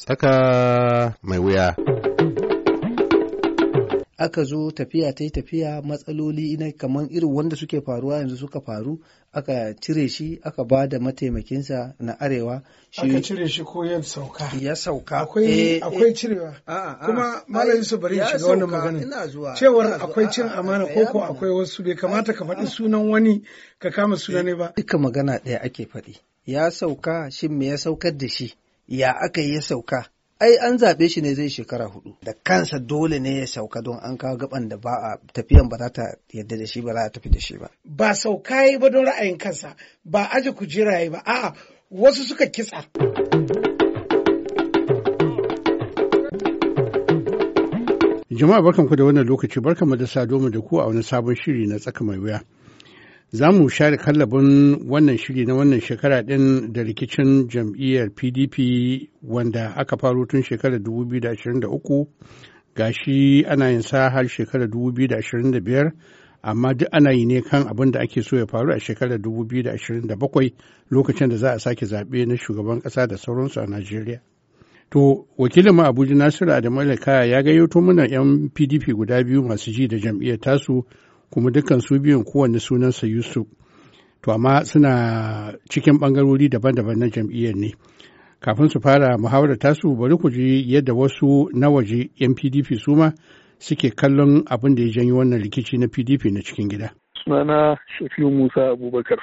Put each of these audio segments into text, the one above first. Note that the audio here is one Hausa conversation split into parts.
saka mai wuya. Aka zo tafiya ta yi tafiya matsaloli ina kamar irin wanda suke faruwa yanzu suka faru aka cire shi aka ba da mataimakinsa na arewa. Shi... Aka cire shi ko ya sauka. Ya sauka. Akwai, eh, eh. akwai cirewa. Kuma yi su bari ga wannan magana. Cewar akwai cin amana ko ko akwai wasu bai kamata ka faɗi sunan wani ka kama suna ne ba. Duka magana ɗaya ake faɗi. Ya sauka shin me ya saukar da shi? ya aka yi ya sauka ai an zaɓe shi ne zai shekara hudu da kansa dole ne ya sauka don an kawo gaban da ba a tafiyan ba za ta yadda da shi ba za a tafi da shi ba ba sauka yi ba don ra'ayin kansa ba aje kujera yi ba a'a wasu suka kitsa jama'a barkanku da wannan lokaci mu da sadomu da ku a wani sabon shiri na tsaka mai wuya za mu share kallabin wannan shiri na wannan shekara ɗin da rikicin jam'iyyar pdp wanda aka faru tun shekarar 2023 shi ana yin sa har shekarar 2025 amma duk ana yi ne kan abin da ake so ya faru a shekarar 2027 lokacin da za a sake zaɓe na shugaban ƙasa da sauransu a najeriya to wakilin mu abuja nasiru adamu ya gayyato mana 'yan pdp guda biyu masu ji da jam'iyyar tasu kuma dukkan su biyun kowanne sunansa yusuf to amma suna cikin bangarori daban-daban na jam'iyyar ne kafin su fara muhawarar tasu bari ku ji yadda wasu na waje 'yan pdp su ma suke kallon abin da ya janyo wannan rikici na pdp na cikin gida sunana shafiu musa abubakar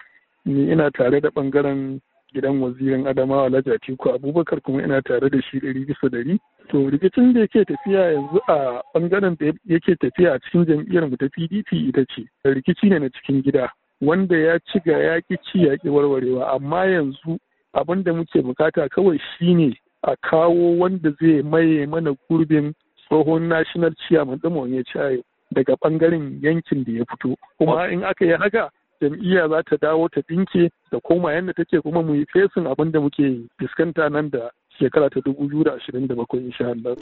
ni ina tare da bangaren gidan wazirin adamawa alhaji atiku abubakar kuma yana tare da shi ɗari bisa ɗari to rikicin da yake tafiya yanzu a bangaren da yake tafiya a cikin jam'iyyar mu ta pdp ita ce rikici ne na cikin gida wanda ya ci ga yaƙi ci yaƙi warwarewa amma yanzu abin da muke bukata kawai shine a kawo wanda zai maye mana gurbin tsohon national chairman ɗin ya ci daga bangaren yankin da ya fito kuma in aka yi haka jam'iyya za ta dawo ta ɗinke da koma yadda take kuma mu yi fesin abin da muke fuskanta nan da shekara ta dubu biyu da ashirin da bakwai insha Allah.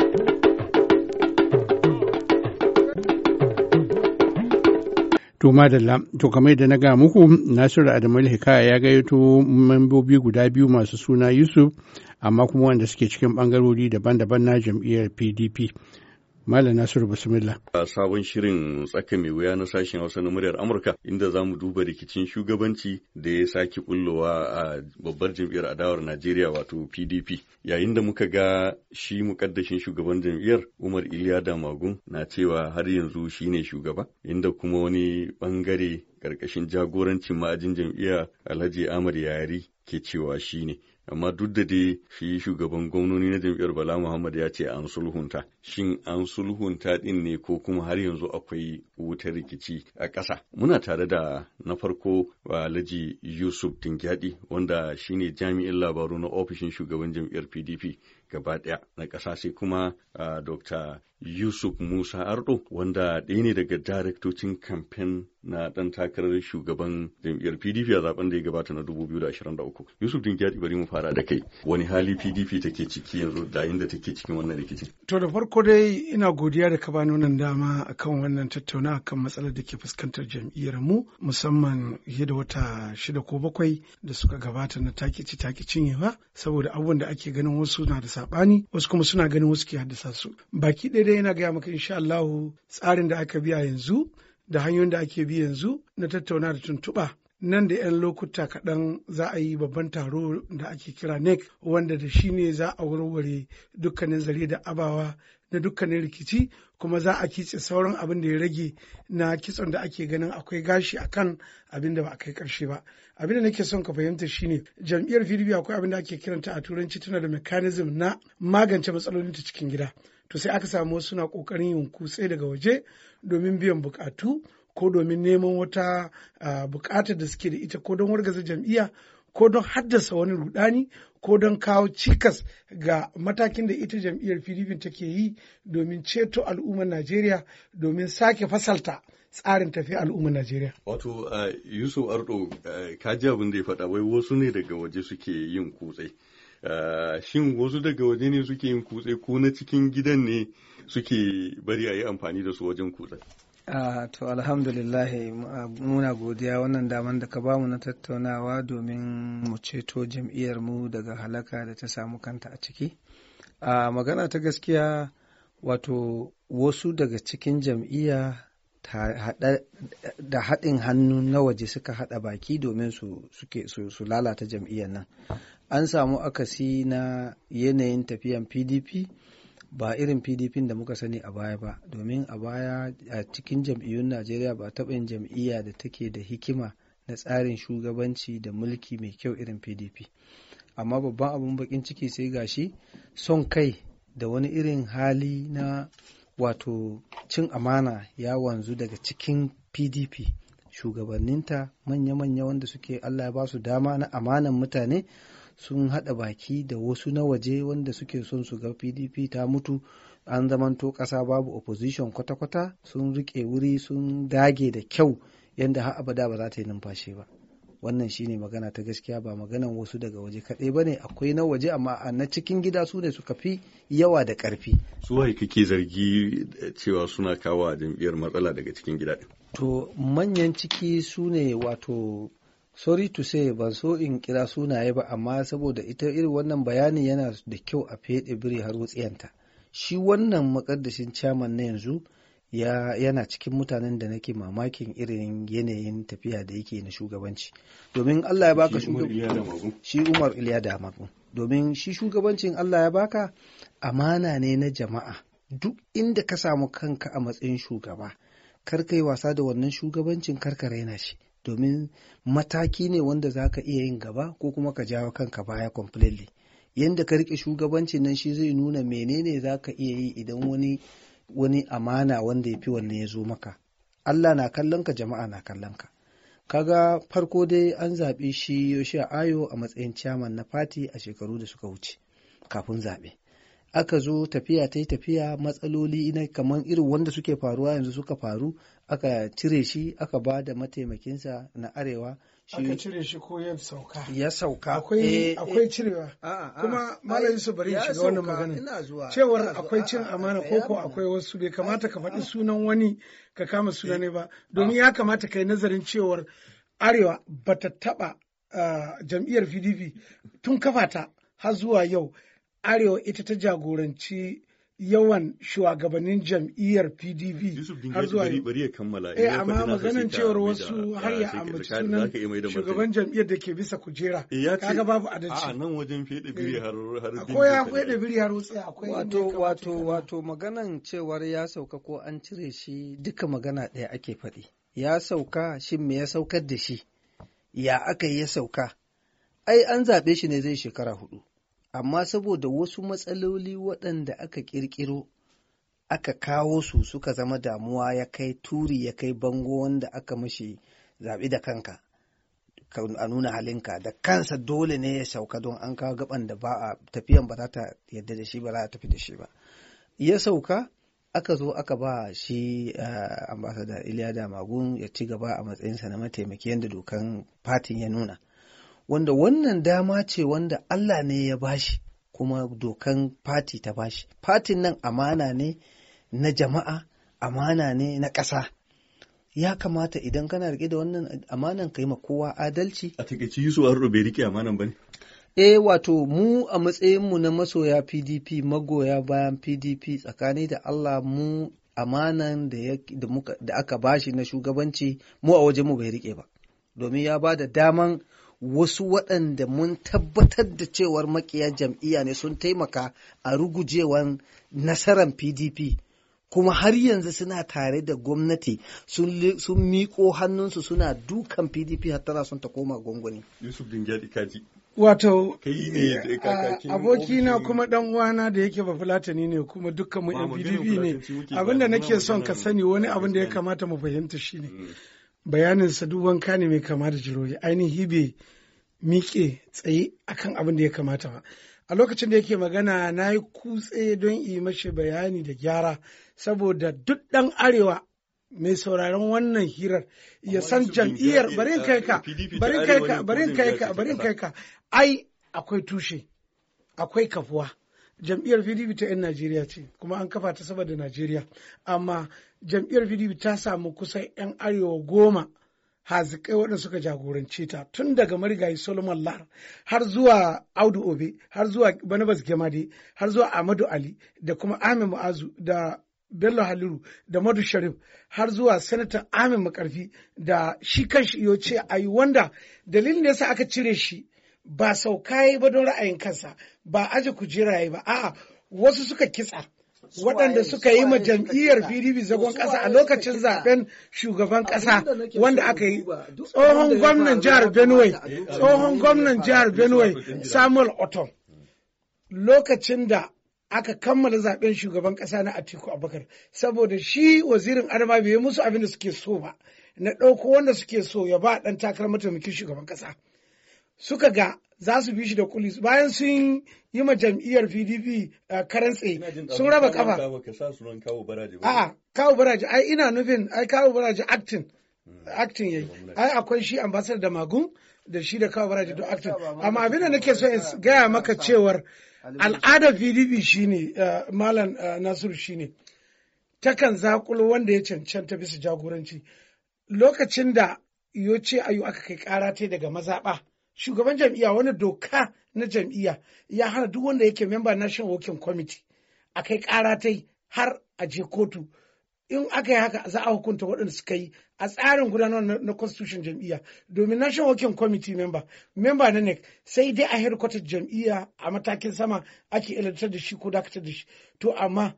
To madalla, to kamar da na ga muku Nasiru Adamul Hikaya ya gayyato mambobi guda biyu masu suna Yusuf amma kuma wanda suke cikin bangarori daban-daban na jam'iyyar PDP. Malam Nasiru Bismillah. A sabon shirin tsaka mai wuya na sashen Hausa na muryar Amurka inda za mu duba rikicin shugabanci da ya sake kullowa a babbar jam'iyyar adawar Najeriya wato PDP. Yayin da muka ga shi mukaddashin shugaban jam'iyyar Umar Iliya Damagun na cewa har yanzu shine shugaba inda kuma wani bangare karkashin jagorancin ma'ajin jam'iyya Alhaji Ahmad Yari ke cewa shine. amma duk da dai shi shugaban gwamnoni na jam'iyyar bala muhammad ya ce an sulhunta shin an sulhunta din ne ko kuma har yanzu akwai wuta rikici a ƙasa muna tare da na farko alhaji yusuf dingyadi wanda shine jami'in labaru na ofishin shugaban jam'iyyar pdp gaba ɗaya na ƙasa sai kuma Dr. Yusuf Musa Ardo wanda ɗaya ne daga daraktocin kamfen na ɗan takarar shugaban jam'iyyar PDP a zaben da ya gabata na 2023. Yusuf Dingyadi bari mu fara da kai. Wani hali PDP take ciki yanzu da inda take cikin wannan rikicin? To da farko dai ina godiya da ka bani wannan dama akan wannan tattauna akan matsalar da ke fuskantar jam'iyyar mu musamman fiye da wata shida ko bakwai da suka gabata na takici yawa saboda abubuwan da ake ganin wasu na da saɓani wasu kuma suna ganin wasu ke haddasa su baki ɗaya dai yana gaya maka insha Allahu tsarin da aka biya yanzu da hanyoyin da ake bi yanzu na tattauna da tuntuɓa nan da 'yan lokuta kaɗan za a yi babban taro da ake kira nec wanda da shi ne za a warware dukkanin zare da abawa na dukkanin rikici kuma za a kice sauran abin da ya rage na kitson da ake ganin akwai gashi a kan abin da ba a kai karshe ba abin da nake son ka fahimta shine jam'iyyar pdp akwai abin da ake kiranta a turanci tana da mechanism na magance matsalolin ta cikin gida to sai aka samu wasu suna kokarin yin kutse daga waje domin biyan bukatu ko domin neman wata ah, bukatar da suke da ita ko don wargaza jam'iyya ko don haddasa wani rudani ko don kawo cikas ga matakin da ita jam'iyyar pdp take yi domin ceto al'ummar najeriya domin sake fasalta tsarin tafi al'ummar Najeriya. Wato Yusuf Ardo ka abin da ya faɗa wai wasu ne daga waje suke yin kutse. Shin wasu daga waje ne suke yin kutse ko na cikin gidan ne suke bari a yi amfani da su wajen kutse? Uh, to alhamdulillah muna godiya wannan daman da ka bamu na tattaunawa domin mu ceto mu daga halaka da ta samu kanta a ciki. A ah, magana ta gaskiya wato wasu daga cikin jam'iyya da haɗin hannu na waje suka haɗa baki domin su, su lalata jam'iyyar nan. An samu akasi na yanayin tafiyan PDP. ba irin pdp da muka sani a baya ba domin a baya a cikin jam'iyyun najeriya ba taɓa yin jam'iyya da take da hikima na tsarin shugabanci da mulki mai kyau irin pdp amma babban abin bakin ciki sai gashi son kai da wani irin hali na wato cin amana ya wanzu daga cikin pdp shugabanninta manya-manya wanda suke allah ya ba su dama na amanan mutane sun haɗa baki da wasu na waje wanda suke son su ga pdp ta mutu an zamanto ƙasa babu opposition kwata-kwata sun rike wuri sun dage da kyau yadda har abada ba za ta yi numfashi ba wannan shine magana ta gaskiya ba maganan wasu daga waje kaɗai ba ne akwai na waje amma a na cikin gida su ne suka fi yawa da ƙarfi su wai kake zargi cewa suna kawo jam'iyyar matsala daga cikin gida to manyan ciki su ne wato sorry to say ban so in kira sunaye ba amma saboda ita irin wannan bayani yana da kyau a fede biri har wutsiyanta shi wannan makaddashin chairman na yanzu ya yana cikin mutanen da nake mamakin irin yanayin tafiya da yake na shugabanci domin Allah ya baka shi Umar Iliya da domin shi shugabancin Allah ya baka amana ne na jama'a duk inda ka samu kanka a matsayin shugaba kar yi wasa da wannan shugabancin karka raina shi domin mataki ne wanda za ka iya yin gaba ko kuma ka jawo kanka baya completely yadda ka rike shugabancin nan shi zai nuna menene za ka iya yi idan wani amana wanda ya fi wannan ya zo maka Allah na kallon ka jama'a na kallon ka kaga farko dai an zaɓi shi Yoshi Ayo a matsayin ciyaman na fati a shekaru da suka wuce kafin zaɓe aka zo tafiya ta yi tafiya matsaloli ina kamar irin wanda suke faruwa yanzu suka faru aka cire shi aka ba da mataimakinsa na arewa shi aka cire shi ko ya sauka ya sauka akwai eh, eh. cirewa kuma malam su bari ga wannan magana cewar akwai cin amana ko ko akwai wasu bai kamata ka faɗi sunan wani ka kama suna ne ba eh, domin ya kamata ka yi nazarin cewar arewa bata taba ah, jam'iyyar pdp tun kafata har zuwa yau arewa ita ta jagoranci yawan shugabannin jam'iyyar PDP har zuwa bari ya kammala eh amma maganan cewar wasu har ya ambaci sunan shugaban jam'iyyar da ke bisa kujera eh, kaga babu adalci a nan wajen fede biri eh, har har akwai ya fede biri har wutsai akwai wato wato wato maganan cewar ya sauka ko an cire shi duka magana ɗaya ake faɗi ya sauka shin me ya saukar da shi ya aka yi ya sauka ai an zaɓe shi ne zai shekara hudu amma saboda wasu matsaloli waɗanda aka ƙirƙiro aka kawo su suka zama damuwa ya kai turi ya kai bango wanda aka mashi zaɓi da kanka a nuna halinka da kansa dole ne ya sauka don an kawo gaban da ba a tafiyan ba za ta yadda da shi ba za a tafi da shi ba ya sauka aka zo aka ba shi eh, ambasada iliya magun ya ci gaba a matsayinsa na mataimaki yadda dokan fatin ya nuna wanda wannan dama ce wanda Allah ne ya bashi kuma dokan fati ta bashi fatin nan amana ne na jama'a amana ne na ƙasa ya kamata idan kana riƙe da wannan amanan ka yi ma kowa adalci a takaici yi an rube rike amanan bane eh wato mu a matsayinmu na masoya pdp magoya bayan pdp tsakani da allah mu amanan da aka bashi na shugabanci mu a mu bai rike ba domin ya ba da daman wasu waɗanda mun tabbatar da cewar makiya jam'iyya ne sun taimaka a rugujewan nasarar pdp kuma har yanzu suna tare da gwamnati sun miƙo hannunsu suna dukan pdp har tana son ta koma gwangwani yusuf kaji wato abokina kuma dan uwana da yake ba fulatani ne kuma dukkan mu yan pdp ne abinda nake son ka sani wani abin da ya kamata mu fahimta shine bayanin saduwan duk wanka ne mai kama da jiroyi ainihi miƙe tsaye akan abin da ya kamata ba a lokacin da yake magana na yi kutse don yi mashi bayani da gyara saboda duk ɗan arewa mai sauraron wannan hirar ya san jam'iyyar barin kai ka barin kai ka barin kai ka barin kai ka ai akwai tushe akwai kafuwa jam'iyyar pdp ta 'yan najeriya ce kuma an kafa ta saboda najeriya amma jam'iyyar pdp ta samu kusan 'yan arewa goma hazikai waɗanda suka jagorance ta tun daga marigayi solomon lahar har zuwa audu obe har zuwa banabas gemade har zuwa amadu ali da kuma ahmed mu'azu da bello haliru da madu sharif har zuwa sanatan ahmed makarfi da shi kanshi iyo ce a yi wanda dalilin da yasa aka cire shi ba sauka ya ba don ra'ayin kansa ba aje kujera ya ba a'a wasu suka kitsa waɗanda suka yi ma jam'iyyar PDP zagon ƙasa a lokacin zaben shugaban ƙasa wanda aka yi tsohon gwamnan jihar Benue tsohon gwamnan jihar Benue Samuel Otom lokacin da aka kammala zaben shugaban ƙasa na Atiku Abubakar saboda shi wazirin Adama bai musu abin da suke so ba na ɗauko wanda suke so ya ba ɗan takarar mataimakin shugaban ƙasa suka ga za su bi shi da kulis bayan sun yi ma jam'iyyar pdp uh, karantse sun raba kafa a'a kawo baraji ai ina nufin ai kawo baraji acting hmm. acting yayi ai akwai shi ambassador da magun da shi da kawo baraji don acting amma abin da nake so in gaya maka cewar al'adar pdp shine uh, malam uh, nasiru shine takan zakulo wanda ya cancanta bisa jagoranci lokacin da yo ce ayu aka kai kara daga mazaɓa shugaban jam'iya wani doka na jam'iyya ya hana duk wanda yake memba national working committee a kai kara ta har a je kotu in aka yi haka za a hukunta waɗanda suka yi a tsarin gudanar na constitution jam'iyya domin national working committee member member na nec sai dai a headquarter jam'iyya a matakin sama ake ilantar da shi ko dakatar da shi to amma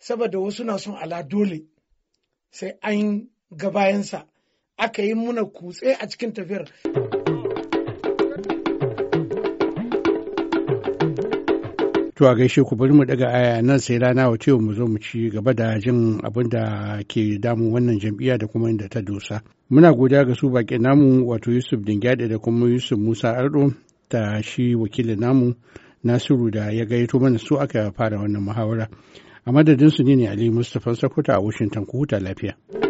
saboda wasu na son ala dole sai an ga bayansa aka yi muna kutse a cikin tafiyar. To a gaishe ku bari mu daga aya nan sai rana wace mu zo mu ci gaba da jin abin da ke damu wannan jam'iyya da kuma inda ta dosa. Muna godiya ga su baƙi namu wato Yusuf Dingyaɗe da kuma Yusuf Musa Ardo da shi wakilin namu Nasiru da ya gaito mana su aka fara wannan muhawara. A madadin su ne ne Ali Mustapha sokoto a Washington ku huta lafiya.